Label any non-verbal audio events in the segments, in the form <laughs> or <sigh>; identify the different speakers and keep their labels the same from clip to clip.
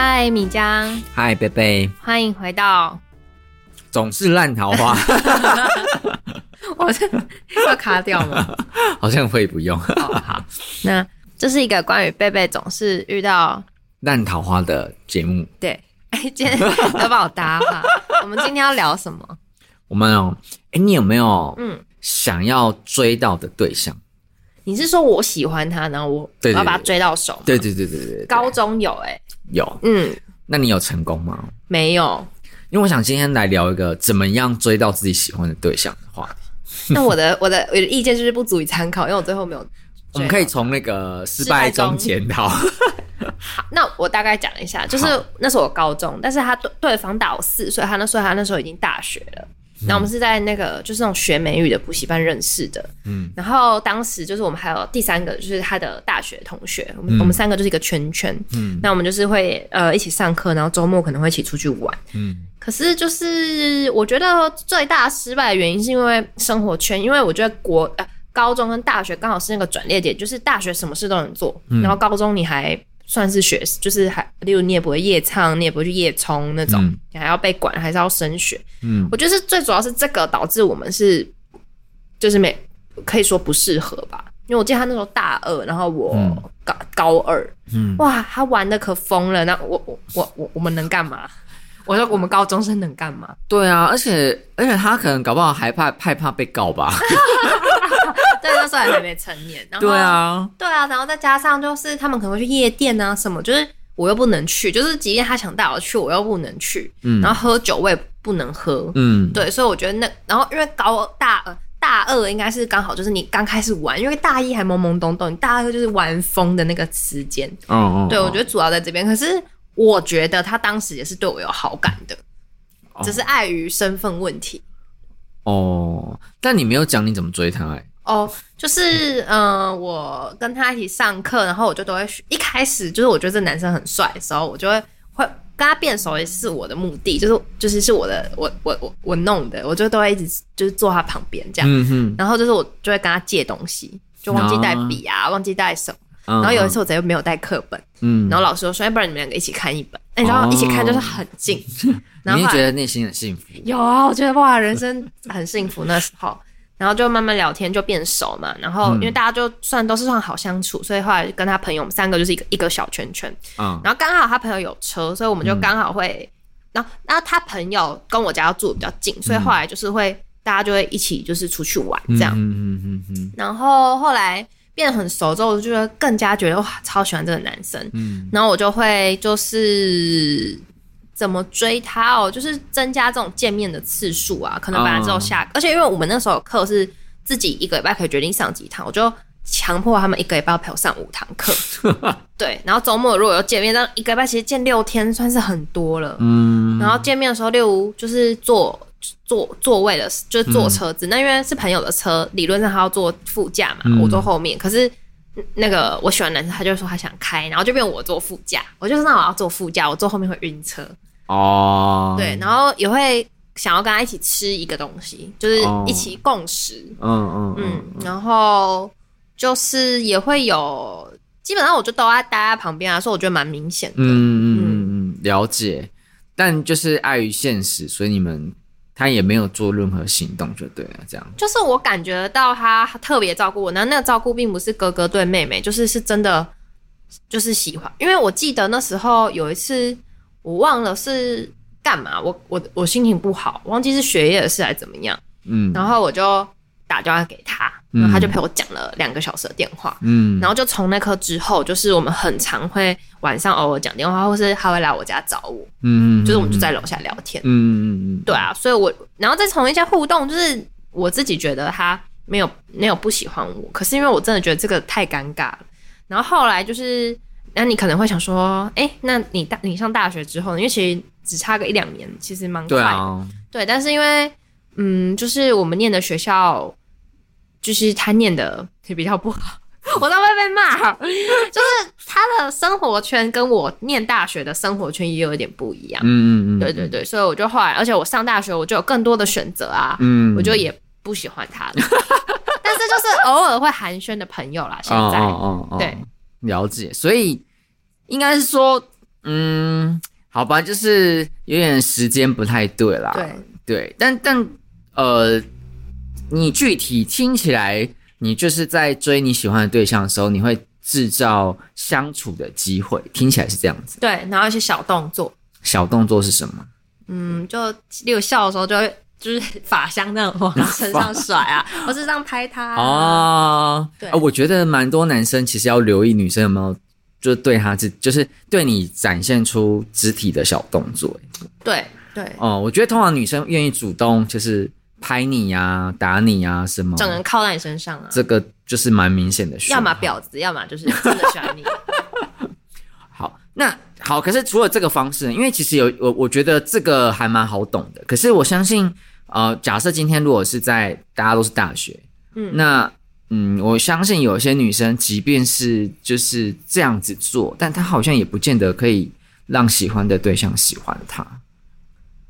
Speaker 1: 嗨，米江！
Speaker 2: 嗨，貝貝！
Speaker 1: 歡迎回到
Speaker 2: 總是爛桃花。
Speaker 1: 我 <laughs> 這 <laughs> 要卡掉嗎？
Speaker 2: 好像會不用。Oh,
Speaker 1: 那這是一個關於貝貝總是遇到
Speaker 2: 爛桃花的節目。
Speaker 1: 對，哎，今天要不我搭話。 <laughs> 我們今天要聊什麼？
Speaker 2: 我們哦，哎、欸，你有沒有嗯想要追到的對象、嗯？
Speaker 1: 你是說我喜歡他，然後我要把他追到手？對
Speaker 2: 對對對對，對，對，對對對對對。
Speaker 1: 高中有哎、欸。
Speaker 2: 有，嗯，那你有成功嗎？沒有，因為我想今天來聊一個怎麼樣追到自己喜歡的對象的話題。
Speaker 1: 那我的我的我的意見就是不足以參考，因為我最後沒有。
Speaker 2: 我們可以從那個失敗中檢討。
Speaker 1: 好，那我大概講一下，就是那時候我高中，但是他對方大我四歲，他那時候他那時候已經大學了。那我們是在那個、嗯、就是那種學美語的補習班認識的、嗯，然後當時就是我們還有第三個就是他的大學同學，我們、嗯、我們三個就是一個圈圈，嗯、那我們就是會呃一起上課，然後周末可能會一起出去玩、嗯，可是就是我覺得最大失敗的原因是因為生活圈，因為我覺得國呃高中跟大學剛好是那個轉捩點，就是大學什麼事都能做，然後高中你還。算是學，就是還，例如你也不會夜唱，你也不會去夜衝那種，你、嗯、還要被管，還是要升學。嗯，我覺得是最主要是這個導致我們是，就是沒，可以說不適合吧。因為我記得他那時候大二，然後我高高二，嗯，嗯，哇，他玩的可瘋了。那我我我我我們能幹嘛？我說我們高中生能幹嘛？
Speaker 2: 對啊，而且而且他可能搞不好還怕害怕被告吧。 <laughs>
Speaker 1: 對，那時候還沒成年，然後對啊，對啊，然後再加上就是他們可能會去夜店啊什麼，就是我又不能去，就是即便他想帶我去，我又不能去，嗯，然後喝酒我也不能喝，嗯，對，所以我覺得那，然後因為高大、呃、大二應該是剛好就是你剛開始玩，因為大一還懵懵懂懂，你大二就是玩瘋的那個時間，嗯、哦、嗯，對我覺得主要在這邊，可是我覺得他當時也是對我有好感的，哦、只是礙於身份問題，
Speaker 2: 哦，但你沒有講你怎麼追他？哎、欸。
Speaker 1: 哦、oh, 就是嗯、呃，我跟他一起上課，然後我就都會學一開始就是我覺得這男生很帥的時候，我就會會跟他變熟，也是我的目的，就是就是是我的我我我弄的，我就都會一直就是坐他旁邊這樣、嗯，然後就是我就會跟他借東西，就忘記帶筆啊，哦、忘記帶什麼、哦，然後有一次我又沒有帶課本，嗯，然後老師說要不然你們兩個一起看一本，哎、嗯，然後一起看就是很近，哦、然後，後你覺得
Speaker 2: 內心很幸福，
Speaker 1: 有啊，我覺得哇，人生很幸福 <laughs> 那時候。然後就慢慢聊天，就變熟嘛。然後因為大家就算都是算好相處，嗯、所以後來跟他朋友，我們三個就是一個一個小圈圈、嗯。然後剛好他朋友有車，所以我們就剛好會，嗯、然後然後他朋友跟我家住得比較近，所以後來就是會、嗯、大家就會一起就是出去玩這樣。嗯嗯嗯嗯，嗯。然後後來變得很熟之後，我就覺得更加覺得哇超喜歡這個男生。嗯、然後我就會就是。怎麼追他哦？就是增加這種見面的次數啊。可能本來之後下，oh. 而且因為我們那時候課是自己一個禮拜可以決定上幾堂，我就強迫他們一個禮拜陪我上五堂課。 <laughs> 對，然後周末如果有見面，那一個禮拜其實見六天算是很多了。嗯。然後見面的時候，例如就是坐坐座位的，就是坐車子、嗯。那因為是朋友的車，理論上他要坐副駕嘛、嗯，我坐後面。可是那個我喜歡男生，他就說他想開，然後就變成我坐副駕。我就說那我要坐副駕，我坐後面會暈車。
Speaker 2: 哦、oh.，對，
Speaker 1: 然後也會想要跟他一起吃一個東西，就是一起共食。嗯、
Speaker 2: oh. 嗯、oh.
Speaker 1: oh. 嗯，然後就是也會有，基本上我就都在待在旁邊啊，所以我覺得蠻明顯的。嗯嗯
Speaker 2: 嗯，了解，嗯、但就是礙於現實，所以你們他也沒有做任何行動，就對了。這樣
Speaker 1: 就是我感覺到他特別照顧我，那那個照顧並不是哥哥對妹妹，就是是真的，就是喜歡。因為我記得那時候有一次。我忘了是幹嘛，我我我心情不好，忘記是學業的事還是怎麼樣，嗯，然後我就打電話給他，然後他就陪我講了兩個小時的電話，嗯，然後就從那刻之後，就是我們很常會晚上偶爾講電話，或是他會來我家找我，嗯，就是我們就在樓下聊天，嗯嗯嗯，對啊，所以我然後再從一下互動，就是我自己覺得他沒有沒有不喜歡我，可是因為我真的覺得這個太尷尬了，然後後來就是。那、啊、你可能會想說，哎、欸，那你大你上大學之後，因為其實只差個一兩年，其實蠻快。對、啊、對。但是因為，嗯，就是我們念的學校，就是他念的比較不好，我都會被罵， <laughs> 就是他的生活圈跟我念大學的生活圈也有一點不一樣。嗯嗯嗯，對對對。所以我就後來，而且我上大學我就有更多的選擇啊、嗯。我就也不喜歡他了， <laughs> 但是就是偶爾會寒暄的朋友啦。現在，哦哦
Speaker 2: 哦，哦，對，了解。所以。應該是說，嗯，好吧，就是有點時間不太對啦。對，對，但但，呃，你具體聽起來，你就是在追你喜歡的對象的時候，你會制造相處的機會，聽起來是這樣
Speaker 1: 子。對，然後一些小動作。
Speaker 2: 小動作是什麼？嗯，
Speaker 1: 就例如笑的時候就，就會就是髮香那種往身上甩啊，或是這樣拍他、啊。
Speaker 2: 哦，對，呃，我覺得蠻多男生其實要留意女生有沒有。就是對他就是對你展現出肢體的小動作。對
Speaker 1: 對哦、
Speaker 2: 呃，我覺得通常女生願意主動，就是拍你呀、啊、打你呀、啊、什麼，整個人
Speaker 1: 靠在你身上啊。這
Speaker 2: 個就是蠻明顯的，要麼
Speaker 1: 婊子，要麼就是真的喜歡你。 <laughs> <laughs> 好，那
Speaker 2: 好，可是除了這個方式呢，因為其實有我，我覺得這個還蠻好懂的。可是我相信，呃，假設今天如果是在大家都是大學，嗯，那。嗯，我相信有些女生，即便是就是這樣子做，但她好像也不見得可以讓喜歡的對象喜歡她。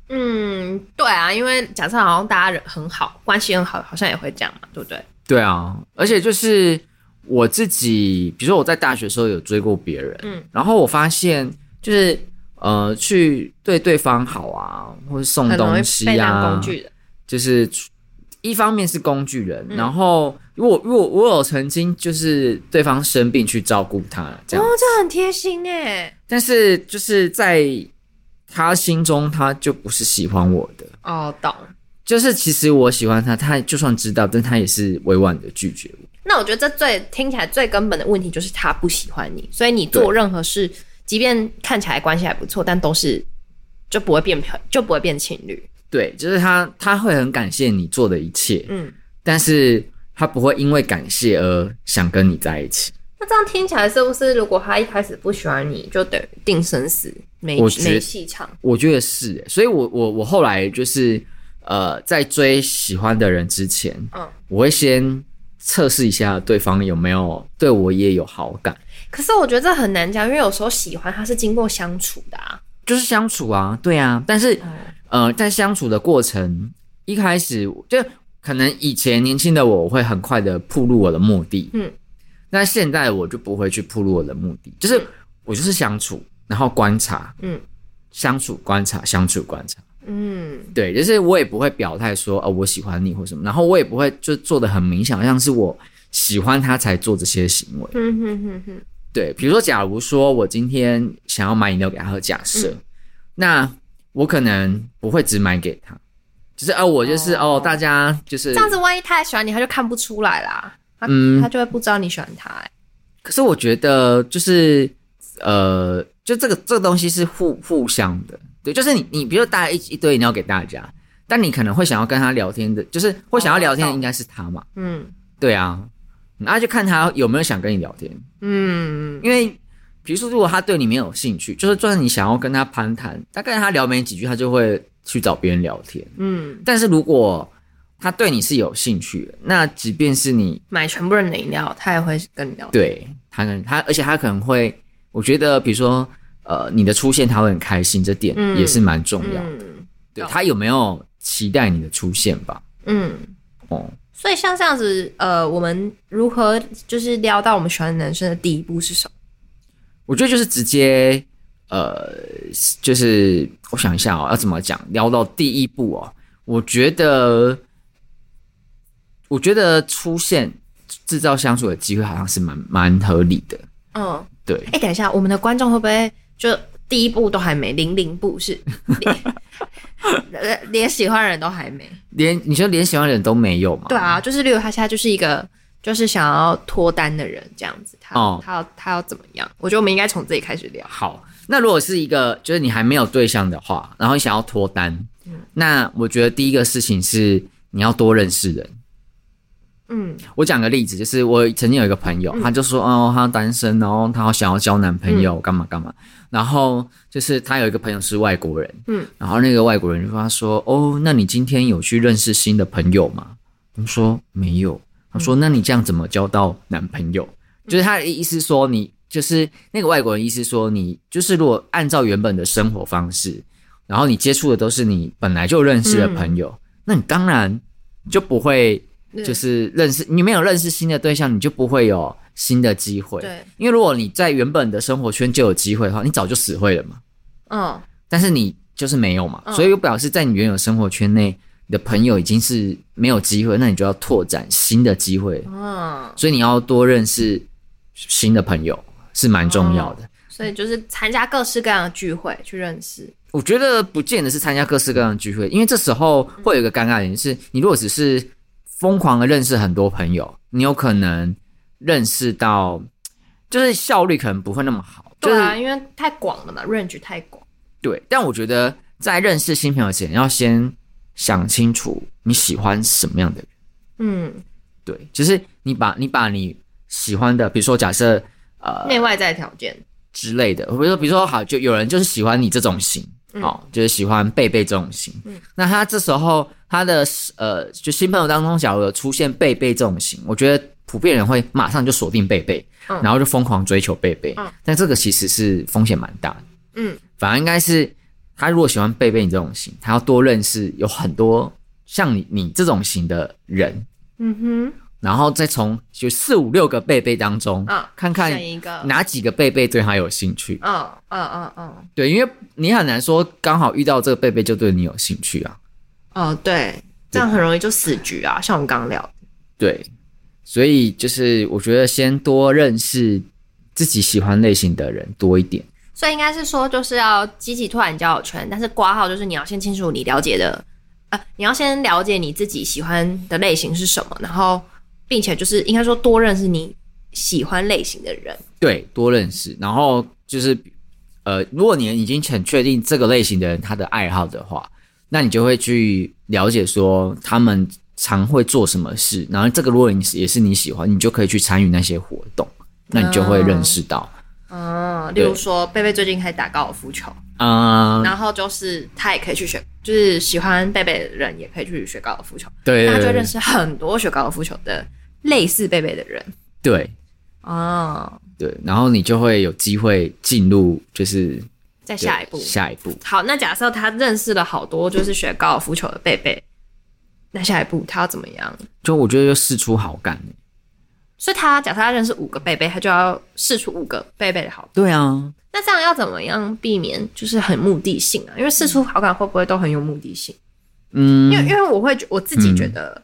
Speaker 2: 嗯，
Speaker 1: 對啊，因為假設好像大家人很好，關係很好，好像也會這樣嘛，對不對？
Speaker 2: 對啊，而且就是我自己，比如說我在大學的時候有追過別人，嗯，然後我發現就是呃，去對對方好啊，或是送東西啊，工具的，就是。一方面是工具人，嗯、然後如果如果我有曾經就是對方生病去照顧他，這樣
Speaker 1: 哦，這很貼心哎。但是就是在
Speaker 2: 他心中，他就不是喜歡我的哦，oh, 懂。就是其實我喜歡他，他就算知道，但他也是委婉的拒絕我。
Speaker 1: 那我覺得這最聽起來最根本的問題就是他不喜歡你，所以你做任何事，即便看起來關係還不錯，但都是就不會變漂，就不會變情侶。對，就是他，他
Speaker 2: 會很感謝你做的一切，嗯，但是他不會因為感謝而想跟你在一起。
Speaker 1: 那這樣聽起來是不是，如果他一開始不喜歡你，就等於定生死，沒沒戲唱？
Speaker 2: 我覺得是，所以我我我後來就是，呃，在追喜歡的人之前，嗯，我會先測試一下對方有沒有對我也有好感。
Speaker 1: 可是我覺得這很難講，因為有時候喜歡他是經過相處的
Speaker 2: 啊，就是相處啊，對啊，但是。嗯呃，在相處的過程，一開始就可能以前年輕的我會很快的曝露我的目的，嗯，那現在我就不會去曝露我的目的，就是我就是相處，然後觀察，嗯，相處觀察，相處觀察，嗯，對，就是我也不會表態說哦、呃，我喜歡你或什麼，然後我也不會就做得很明顯，像是我喜歡他才做這些行為，
Speaker 1: 嗯哼哼哼，
Speaker 2: 對，比如說假如說我今天想要買飲料給他喝，假設、嗯，那。我可能不會只買給他，就是啊、哦，我就是哦，哦，大家就是這樣
Speaker 1: 子，萬一他還喜歡你，他就看不出來啦，嗯，他就會不知道你喜歡他、欸，
Speaker 2: 可是我覺得就是呃，就這個這個東西是互互相的，對，就是你你比如說帶一一堆飲料給大家，但你可能會想要跟他聊天的，就是會想要聊天的應該是他嘛，嗯、哦，對啊，然、嗯、後、嗯啊、就看他有沒有想跟你聊天，嗯，因為。比如說，如果他對你沒有興趣，就是就算你想要跟他攀談，他跟他聊沒幾句，他就會去找別人聊天。嗯，但是如果他對你是有興趣，那即便是你
Speaker 1: 買全部人的飲料，他也會跟你聊天。對，
Speaker 2: 他跟他，而且他可能會，我覺得，比如說，呃，你的出現他會很開心，這點也是蠻重要的。
Speaker 1: 嗯、
Speaker 2: 對、嗯、他有沒有期待你的出現吧？嗯，哦、
Speaker 1: 嗯，所以像這樣子，呃，我們如何就是撩到我們喜歡的男生的第一步是什麼？
Speaker 2: 我覺得就是直接，呃，就是我想一下哦，要怎麼講？聊到第一步哦，我覺得，我覺得出現製造相處的機會，好像是蠻蠻合理的。嗯、哦，對。
Speaker 1: 哎、欸，等一下，我們的觀眾會不會就第一步都還沒零零步是？連， <laughs> 連，連喜歡的人都還沒？
Speaker 2: 連你覺得連喜歡的人都沒有嗎？
Speaker 1: 對啊，就是例如他現在就是一個。就是想要脫單的人這樣子，他、哦、他要他要怎麼樣？我覺得我們應該從自己開始聊。好，那如果是一
Speaker 2: 個就是你還沒有對象的話，然後你想要脫單、嗯，那我覺得第一個事情是你要多認識人。嗯，我講個例子，就是我曾經有一個朋友，嗯、他就說哦，他單身，然後他想要交男朋友、嗯，幹嘛干嘛。然後就是他有一個朋友是外國人，嗯，然後那個外國人就說他說哦，那你今天有去認識新的朋友嗎？他說沒有。他說：“那你這樣怎麼交到男朋友、嗯？”就是他的意思說，你就是那個外國人，意思說你就是如果按照原本的生活方式，然後你接觸的都是你本來就認識的朋友，嗯、那你當然就不會就是認識你沒有認識新的對象，你就不會有新的機會。對，因為如果你在原本的生活圈就有機會的話，你早就死會了嘛。嗯、哦，但是你就是沒有嘛，哦、所以又表示在你原有生活圈內，你的朋友已經是沒有機會，那你就要拓展新的機會。
Speaker 1: 嗯、哦，所
Speaker 2: 以你要多認識新的朋友是蠻重要的，
Speaker 1: 哦。所以就是參加各式各樣的聚會去認識。
Speaker 2: 我覺得不見得是參加各式各樣的聚會，因為這時候會有一個尷尬點，嗯，就是你如果只是瘋狂的認識很多朋友，你有可能認識到就是效率可能不會那麼好。
Speaker 1: 就是，對啊，因為太廣了嘛，range 太廣。
Speaker 2: 對，但我覺得在認識新朋友之前，要先。想清楚你喜歡什麼樣的
Speaker 1: 人，
Speaker 2: 嗯，對，就是你把你把你喜歡的，比如說假設呃，
Speaker 1: 內外在條件
Speaker 2: 之類的，比如說、嗯、比如說好，就有人就是喜歡你這種型，嗯、哦，就是喜歡貝貝這種型、嗯，那他這時候他的呃，就新朋友當中，假如有出現貝貝這種型，我覺得普遍人會馬上就鎖定貝貝、嗯，然後就瘋狂追求貝貝、嗯，但這個其實是風險蠻大的，嗯，反而應該是。他如果喜歡貝貝你這種型，他要多認識有很多像你你這種型的人，嗯哼，然後再從就四五六個貝貝當中、哦，
Speaker 1: 看看哪
Speaker 2: 幾個貝貝對他有興趣，嗯嗯
Speaker 1: 嗯
Speaker 2: 嗯，對，因為你很難說剛好遇到這個貝貝就對你有興趣啊，
Speaker 1: 哦對，對，這樣很容易就死局啊，像我們剛聊的，
Speaker 2: 對，所以就是我覺得先多認識自己喜歡類型的人多一點。
Speaker 1: 所以應該是說，就是要積極拓展交友圈，但是掛號就是你要先清楚你了解的，呃，你要先了解你自己喜歡的類型是什麼，然後，並且就是應該說多認識你喜歡類型的人。
Speaker 2: 對，多認識。然後就是，呃，如果你已經很確定這個類型的人他的愛好的話，那你就會去了解說他們常會做什麼事，然後這個如果你也是你喜歡，你就可以去參與那些活動，
Speaker 1: 那你就會認識到。Oh. 嗯、哦，例如說貝貝最近可以打高爾夫球
Speaker 2: 啊，uh, 然
Speaker 1: 後就是他也可以去學，就是喜歡貝貝的人也可以去學高爾夫球，對對對對，他就認識很多學高爾夫球的類似貝貝的人。對，哦，
Speaker 2: 對，然後你就會有機會進入，就是
Speaker 1: 再下一步，下一步。好，那假設他認識了好多就是學高爾夫球的貝貝，那下一步他要怎麼樣？
Speaker 2: 就我覺得就釋出好感、欸。
Speaker 1: 所以他假設他認識五個貝貝，他就要釋出五個貝貝的好。對啊，那這樣要怎麼樣避免就是很目的性啊？因為釋出好感會不會都很有目的性？嗯，因為因為我會覺我自己覺得、嗯，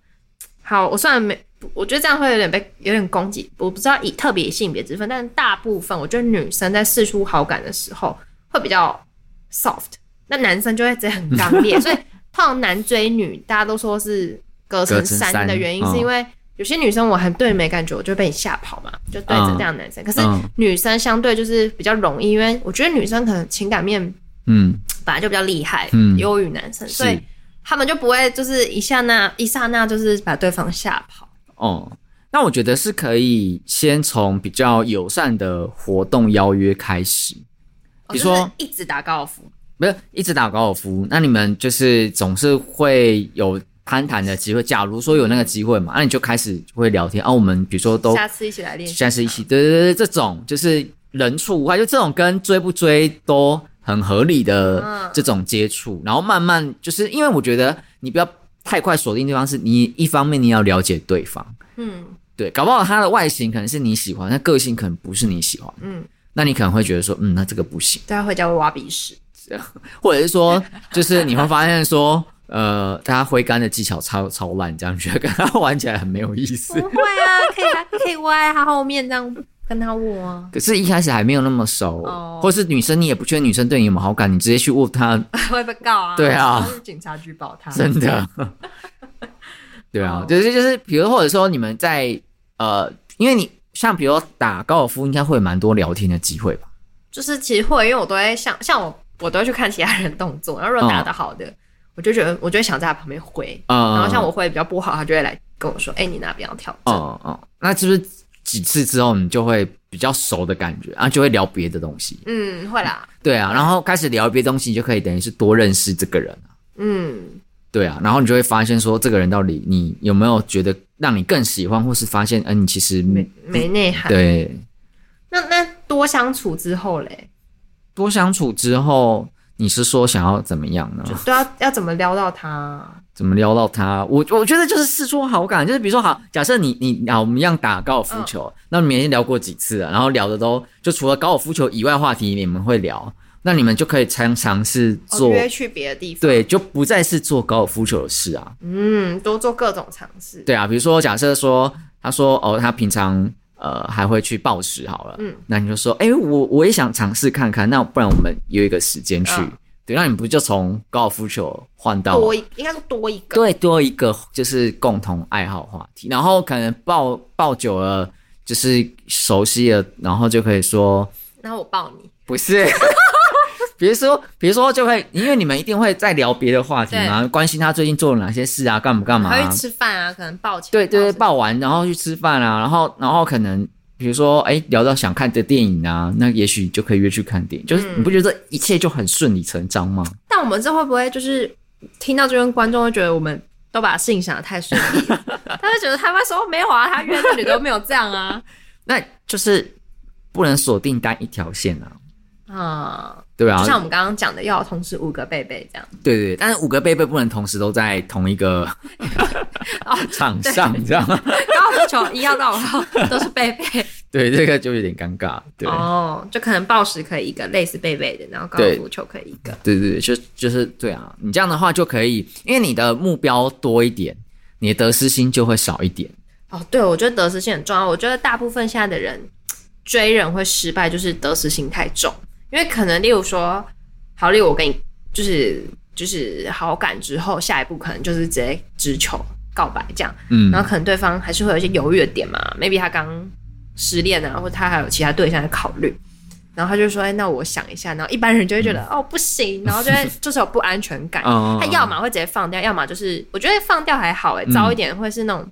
Speaker 1: 好，我雖然沒，我覺得這樣會有點被有點攻擊。我不知道以特別性別之分，但是大部分我覺得女生在釋出好感的時候會比較 soft，那男生就會直接很剛烈。 <laughs> 所以通常男追女大家都說是隔層山的原因，是因為。有些女生我還對沒感覺，我就被你嚇跑嘛，就對着這樣的男生、嗯。可是女生相對就是比較容易，因為我覺得女生可能情感面，嗯，本來就比較厲害，優、嗯、於男生、嗯，所以他們就不會就是一下那一剎那就是把對方嚇跑。
Speaker 2: 哦，那我覺得是可以先從比較友善的活動邀約開始，比如說
Speaker 1: 一直打高爾夫，
Speaker 2: 不是、就是一直打高爾夫，夫，那你們就是總是會有。攀談的機會，假如說有那個機會嘛，那、嗯啊、你就開始會聊天。啊我們比如說都下次一起來練，下次一起對對對，這種就是人畜無害，就這種跟追不追都很合理的這種接觸、嗯。然後慢慢就是因為我覺得你不要太快鎖定對方，是你一方面你要了解對方，嗯，對，搞不好他的外形可能是你喜歡，他個性可能不是你喜歡，嗯，那你可能會覺得說，嗯，那這個不行，
Speaker 1: 大家回家會挖鼻屎，或者
Speaker 2: 是說就是你會發現說。 <laughs> 呃，他揮桿的技巧超超爛，這樣覺得跟他玩起來很沒有意思。
Speaker 1: 不會啊， <laughs> 可以啊，可以歪他後面這樣跟他握啊。
Speaker 2: 可是，一開始還沒有那麼熟，哦、或是女生你也不確定女生對你有沒有好感，你直接去握他
Speaker 1: 會被告啊。對啊，是警察舉報他。真的，嗯、
Speaker 2: 對啊，哦、就是就是，比如或者說你們在呃，因為你像比如打高爾夫，應該會有蠻多聊天的機會吧？
Speaker 1: 就是其實會，因為我都在像像我，我都要去看其他人動作，然後如果打的好的。嗯我就覺得，我就會想在他旁邊回、嗯，
Speaker 2: 然後像我
Speaker 1: 會比較不好，他就會來跟我說：“哎、欸，你哪邊要跳？哦
Speaker 2: 哦，那是不是幾次之後你就會比較熟的感覺，然後、啊、就會聊別的東西？
Speaker 1: 嗯，會啦。
Speaker 2: 對啊，然後開始聊別東西，你就可以等於是多認識這個人。嗯，對啊，然後你就會發現說，這個人到底你有沒有覺得讓你更喜歡，或是發現，嗯、呃，你其實沒沒
Speaker 1: 內涵。對，那那多相處之後嘞？
Speaker 2: 多相處之後。你是說想要怎麼樣呢？對
Speaker 1: 啊，要怎麼撩到他？
Speaker 2: 怎麼撩到他？我我覺得就是釋出好感，就是比如說好，假設你你我們一樣打高爾夫球，嗯，那你們已經聊過幾次了，然後聊的都就除了高爾夫球以外話題你們會聊，那你們就可以嘗試做，哦、約
Speaker 1: 去別的地方，對，
Speaker 2: 就不再是做高爾夫球的事啊。嗯，
Speaker 1: 多做各種嘗試。
Speaker 2: 對啊，比如說假設說他說哦，他平常，呃，還會去抱石好了，嗯，那你就說，哎，欸，我我也想嘗試看看，那不然我們約一個時間去，嗯，對，那你不就從高爾夫球換到多一，應
Speaker 1: 該是多一個，對，
Speaker 2: 多一個就是共同愛好話題，然後可能抱抱久了，就是熟悉了，然後就可以說，
Speaker 1: 那我抱你，
Speaker 2: 不是。 <laughs> 比如說，比如說就會，因為你們一定會在聊別的話題嘛，啊，關心他最近做了哪些事啊，幹不幹嘛，啊，他會吃
Speaker 1: 飯啊，可能報起，
Speaker 2: 對對對，報完然後去吃飯啊，然後然後可能比如說，哎，聊到想看的電影啊，那也許就可以約去看電影，嗯。就是你不覺得這一切就很順理成章嗎？
Speaker 1: 但我們這會不會就是聽到這邊觀眾會覺得我們都把事情想得太順利？ <laughs> 他會覺得他會說沒有啊，他約你都沒有這樣啊。 <laughs> 那
Speaker 2: 就是不能鎖定單一條線啊。
Speaker 1: 嗯，對啊，就像我們剛剛講的，要同時五個貝貝這樣。對
Speaker 2: 對，但是五個貝貝不能同時都在同一個 <laughs> 場上，你知道嗎？
Speaker 1: 高爾夫球一號到五號都是貝貝。
Speaker 2: 對，這個就有點尷尬。對
Speaker 1: 哦，就可能報時可以一個類似貝貝的，然後高爾夫球可以一個。
Speaker 2: 對對對，就就是對啊，你這樣的話就可以，因為你的目標多一點，你的得失心就會少一點。
Speaker 1: 哦，對哦，我覺得得失心很重要。我覺得大部分現在的人追人會失敗，就是得失心太重。因為可能，例如說，好，例如我跟你就是就是好感之後，下一步可能就是直接直球告白這樣。嗯，然後可能對方還是會有一些猶豫的點嘛，maybe 他剛失戀啊，或者他還有其他對象在考慮，然後他就說：“哎、欸，那我想一下。”然後一般人就會覺得：“嗯、哦，不行。”然後就會，就是有不安全感。 <laughs> 他要麼會直接放掉，要麼就是我覺得放掉還好、欸，誒糟一點會是那種。嗯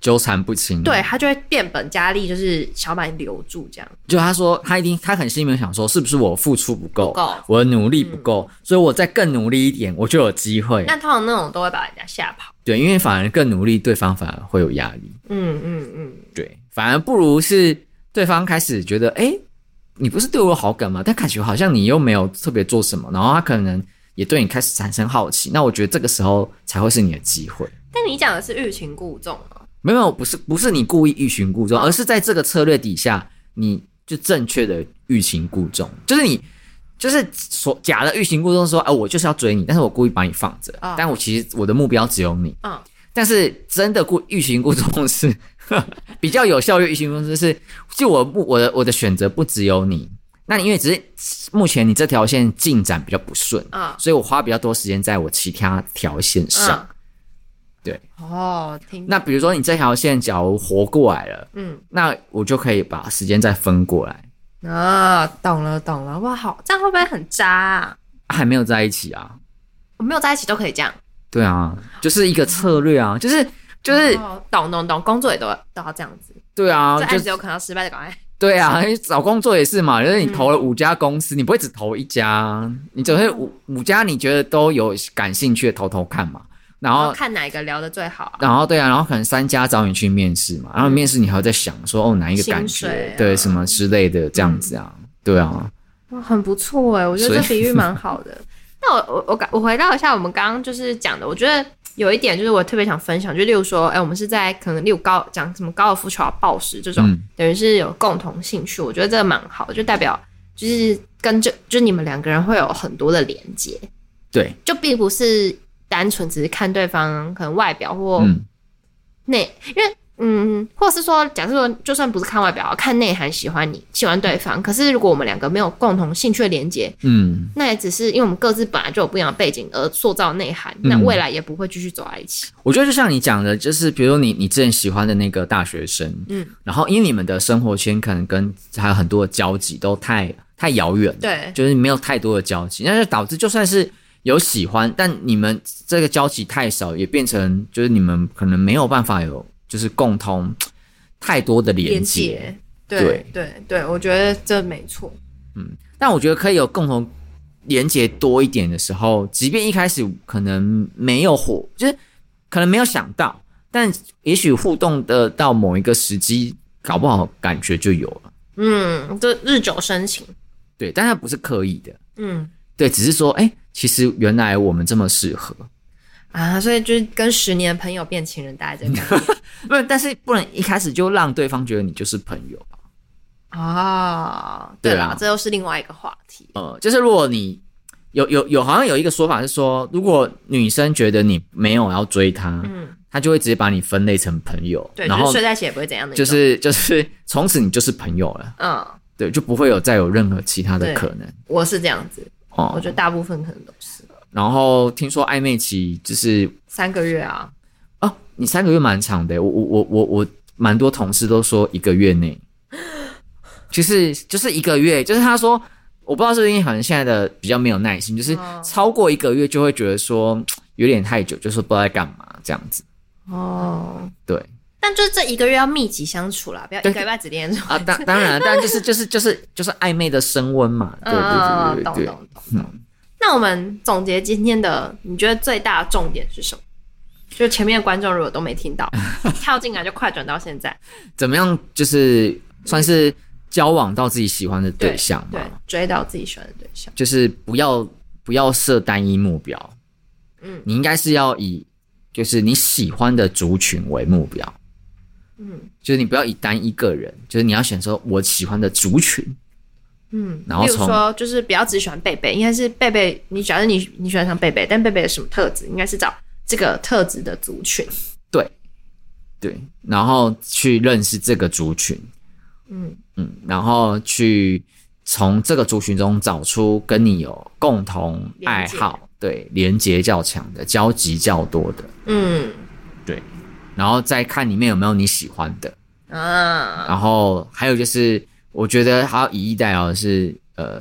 Speaker 2: 糾纏不清，對，對
Speaker 1: 他就會變本加厲，就是想把你留住這樣。
Speaker 2: 就他說，他一定，他很心裡面想說，是不是我付出不，夠不夠，我的努力不夠、嗯，所以我再更努力一點，我就有機會。那
Speaker 1: 通常那種都會把人家嚇跑。
Speaker 2: 對，因為反而更努力，對方反而會有壓力。嗯嗯
Speaker 1: 嗯，
Speaker 2: 對，反而不如是對方開始覺得，誒、欸、你不是對我有好感嗎？但感覺好像你又沒有特別做什麼，然後他可能也對你開始產生好奇。那我覺得這個時候才會是你的機會。
Speaker 1: 但你講的是欲擒故縱、啊。
Speaker 2: 沒有，不是不是你故意欲擒故縱，而是在這個策略底下，你就正確的欲擒故縱，就是你就是所假的欲擒故縱，說、呃、啊，我就是要追你，但是我故意把你放着，但我其實我的目標只有你，但是真的故欲擒故縱是呵呵比較有效率，欲擒故縱是就我我的我的選擇不只有你，那你因為只是目前你這條線進展比較不順，所以我花比較多時間在我其他條線上。對
Speaker 1: 哦，聽。
Speaker 2: 那比如說你這條線假如活過來
Speaker 1: 了，
Speaker 2: 嗯，那我就可以把時間再分過來。
Speaker 1: 啊、哦，懂了懂了，哇好，這樣會不會很渣？
Speaker 2: 啊？還沒有在一起啊？
Speaker 1: 我沒有在一起都可以這樣。
Speaker 2: 對啊，就是一個策略啊，嗯、就是
Speaker 1: 就是、哦、懂懂懂，工作也都都要這樣子。
Speaker 2: 對啊，就是有可能要失敗的崗位、就是。對啊，找工作也是嘛，就是你投了五家公司、嗯，你不會只投一家，你總會五五家你覺得都有感興趣的投投看嘛。然後，然後
Speaker 1: 看哪一個聊得最好，啊，
Speaker 2: 然後對啊，然後可能三家找你去面試嘛，嗯、然後面試你還要再想說哦，哪一個感覺、啊、對什麼之類的這樣子啊，嗯、對啊、
Speaker 1: 哦，很不錯哎，我覺得這比喻蠻好的。那我我我我回到一下我們剛剛就是講的，我覺得有一點就是我特別想分享，就例如說哎，我們是在可能例如高講什麼高爾夫球、暴食這種、嗯，等於是有共同興趣，我覺得這個蠻好的，就代表就是跟這就你們兩個人會有很多的連接，對，就並不是。單純只是看對方可能外表或內，嗯、因為嗯，或者是說，假設說，就算不是看外表，看內涵喜歡你，喜歡對方，可是如果我們兩個沒有共同興趣的連接，嗯，那也只是因為我們各自本來就有不一樣的背景而塑造內涵，嗯、那未來也不會繼續走在一起。
Speaker 2: 我覺得就像你講的，就是比如說你你之前喜歡的那個大學生，嗯，然後因為你們的生活圈可能跟還有很多的交集都太太遙遠，對，就是沒有太多的交集，那就導致就算是。有喜歡，但你們這個交集太少，也變成就是你們可能沒有辦法有就是共同太多的連接，連接，對對
Speaker 1: 對，對，我覺得這沒錯。嗯，
Speaker 2: 但我覺得可以有共同連接多一點的時候，即便一開始可能沒有火，就是可能沒有想到，但也許互動的到某一個時機，搞不好感覺就有了。嗯，這日久生情。對，但它不是刻意的。嗯，對，只是說哎。誒其實原來我們這麼適合
Speaker 1: 啊，所以就是跟十年的朋友變情人，大家在講。
Speaker 2: 不是，但是不能一開始就讓對方覺得你就是朋友啊，哦。
Speaker 1: 對啊，這又是另外一個話題。
Speaker 2: 呃，就是如果你有有有，好像有一個說法是說，如果女生覺得你沒有要追她，嗯，她就會直接把你分類成朋友。對，然後睡在一
Speaker 1: 起也不會怎樣的，就
Speaker 2: 是就是從此你就是朋友
Speaker 1: 了。
Speaker 2: 嗯，對，就不會有再有任何其他的可能。
Speaker 1: 我是這樣子。我覺得大部分可能都是。
Speaker 2: 哦、然後聽說曖昧期就是
Speaker 1: 三個月啊哦，
Speaker 2: 你三個月蠻長的，我我我我我，蠻多同事都說一個月內，其 <laughs> 實、就是、就是一個月，就是他說，我不知道是不是因為，好像現在的比較沒有耐心，就是超過一個月就會覺得說、哦、有點太久，就是不知道在幹嘛這樣子。
Speaker 1: 哦，對。但就是這一個月要密集相處啦，不要一個禮拜只聯絡啊。當然當然，但就是就是就
Speaker 2: 是就是曖昧的升溫嘛對、哦。對對對對、嗯、
Speaker 1: 那我們總結今天的，你覺得最大的重點是什麼？就是前面的觀眾如果都沒聽到， <laughs> 跳進來就快轉到現在。
Speaker 2: 怎麼樣？就是算是交往到自己喜歡的對象嗎？對，
Speaker 1: 對，追到自己喜歡的對象。就
Speaker 2: 是不要不要設單一目標。嗯，你應該是要以就是你喜歡的族群為目標。嗯，就是你不要以單一個人，就是你要選擇我喜歡的族群，
Speaker 1: 嗯，然後說就是比較只喜歡貝貝，應該是貝貝，你選擇你你喜歡上貝貝，但貝貝有什麼特質，應該是找這個特質的族群，
Speaker 2: 對，對，然後去認識這個族群，嗯嗯，然後去從這個族群中找出跟你有共同愛好，對，連接較強的，交集較多的，嗯。然後再看裡面有沒有你喜歡的，嗯、啊，然後還有就是，我覺得還要以逸待勞，是呃，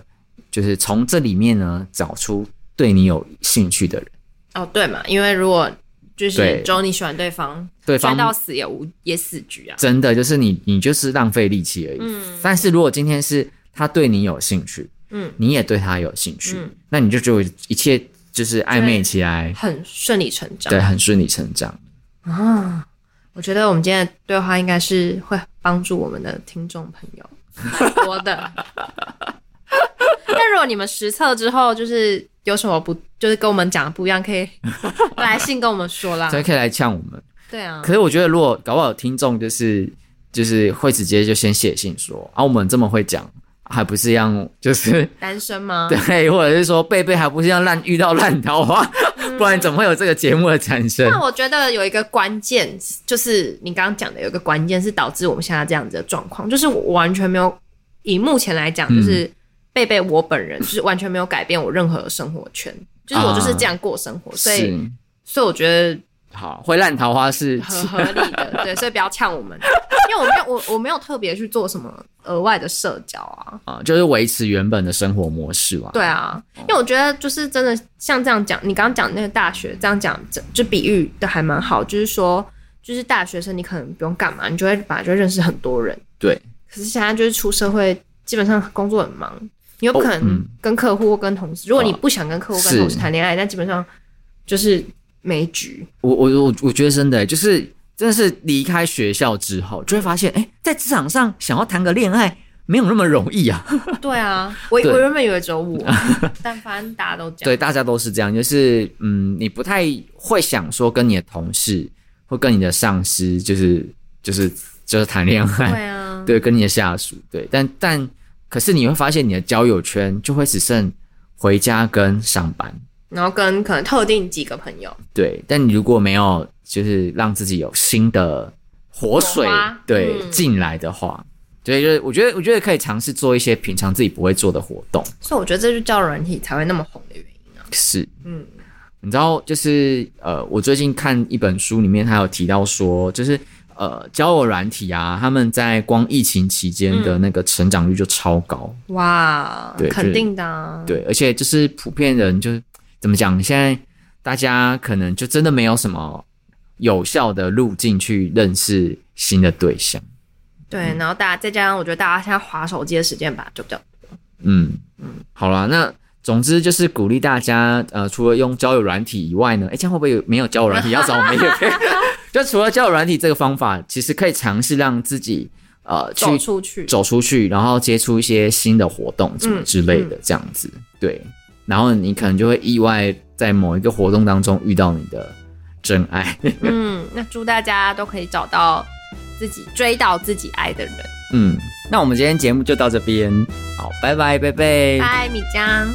Speaker 2: 就是從這裡面呢找出對你有興趣的人。
Speaker 1: 哦，對嘛，因為如果就是只有你喜歡對方，對，對方到死也無也死局啊。真
Speaker 2: 的，就是你你就是浪費力氣而已，嗯。但是如果今天是他對你有興趣，
Speaker 1: 嗯，你
Speaker 2: 也對他有興趣，嗯、那你就覺得一切就是曖昧起來，
Speaker 1: 很順理成章。對，很
Speaker 2: 順理成章。
Speaker 1: 啊。我覺得我們今天的對話應該是會幫助我們的聽眾朋友蠻多的。那 <laughs> <laughs> 如果你們實測之後，就是有什麼不，就是跟我們講的不一樣，可以來信跟我們說啦。所以可
Speaker 2: 以來嗆我們。對啊。可是我覺得，如果搞不好聽眾就是就是會直接就先寫信說啊，我們這麼會講。還不是一樣，就是
Speaker 1: 單身嗎？對，
Speaker 2: 或者是說貝貝還不是一樣，爛，遇到爛桃花，嗯、 <laughs> 不然怎麼會有這個節目的產生？那我
Speaker 1: 覺得有一個關鍵，就是你剛剛講的有一個關鍵是導致我們現在這樣子的狀況，就是我完全沒有以目前來講，就是貝貝、嗯、我本人就是完全沒有改變我任何的生活圈，就是我就是這樣過生活，啊、所以所以我覺得
Speaker 2: 好會爛桃花是
Speaker 1: 很合理的， <laughs> 對，所以不要嗆我們。因為我沒有我我沒有特別去做什麼額外的社交啊
Speaker 2: 啊，就是維持原本的生活模式啊。
Speaker 1: 對啊，因為我覺得就是真的像這樣講，你剛剛講那個大學這樣講，就比喻的還蠻好，就是說就是大學生你可能不用幹嘛，你就會把就認識很多人。對。可是現在就是出社會，基本上工作很忙，你又不可能跟客戶或跟同事，如果你不想跟客戶跟同事談戀愛，那基本上就是沒局。
Speaker 2: 我我我我覺得真的、欸、就是。真的是離開學校之後，就會發現，哎、欸，在職場上想要談個戀愛沒有那麼容易啊。
Speaker 1: <laughs> 對啊，我我原本以為只有我， <laughs> 但反正大家都這樣，對，大
Speaker 2: 家都是這樣，就是嗯，你不太會想說跟你的同事或跟你的上司、就是嗯，就是就是就是談戀愛，對啊，對，跟你的下屬，對，但但可是你會發現，你的交友圈就會只剩回家跟上班。
Speaker 1: 然後跟可能特定幾個朋友
Speaker 2: 對，但你如果沒有就是讓自己有新的活水對進來的話，所、嗯、以就是我覺得我覺得可以嘗試做一些平常自己不會做的活動。
Speaker 1: 所以我覺得這就叫軟體才會那麼紅的原
Speaker 2: 因啊。是，
Speaker 1: 嗯，
Speaker 2: 你知道就是呃，我最近看一本書裡面，他有提到說，就是呃，交友軟體啊，他們在光疫情期間的那個成長率就超高、
Speaker 1: 嗯、哇，對，肯定的、啊就是，對，
Speaker 2: 而且就是普遍人就是。怎麼講？現在大家可能就真的沒有什麼有效的路徑去認識新的對象。
Speaker 1: 對，然後大家再加上，我覺得大家現在滑手機的時間吧就比較嗯嗯，
Speaker 2: 好啦，那總之就是鼓勵大家，呃，除了用交友軟體以外呢，誒這樣會不會有沒有交友軟體要找我有？ <laughs> <laughs> 就除了交友軟體這個方法，其實可以嘗試讓自己呃去走出去，走出去，然後接觸一些新的活動什麼之類的，嗯、這樣子、嗯、對。然後你可能就會意外在某一個活動當中遇到你的真愛。
Speaker 1: 嗯，那祝大家都可以找到自己，追到自己愛的人。嗯，那我
Speaker 2: 們今天節目就到這邊，好，拜拜，拜拜，嗨，
Speaker 1: 米江。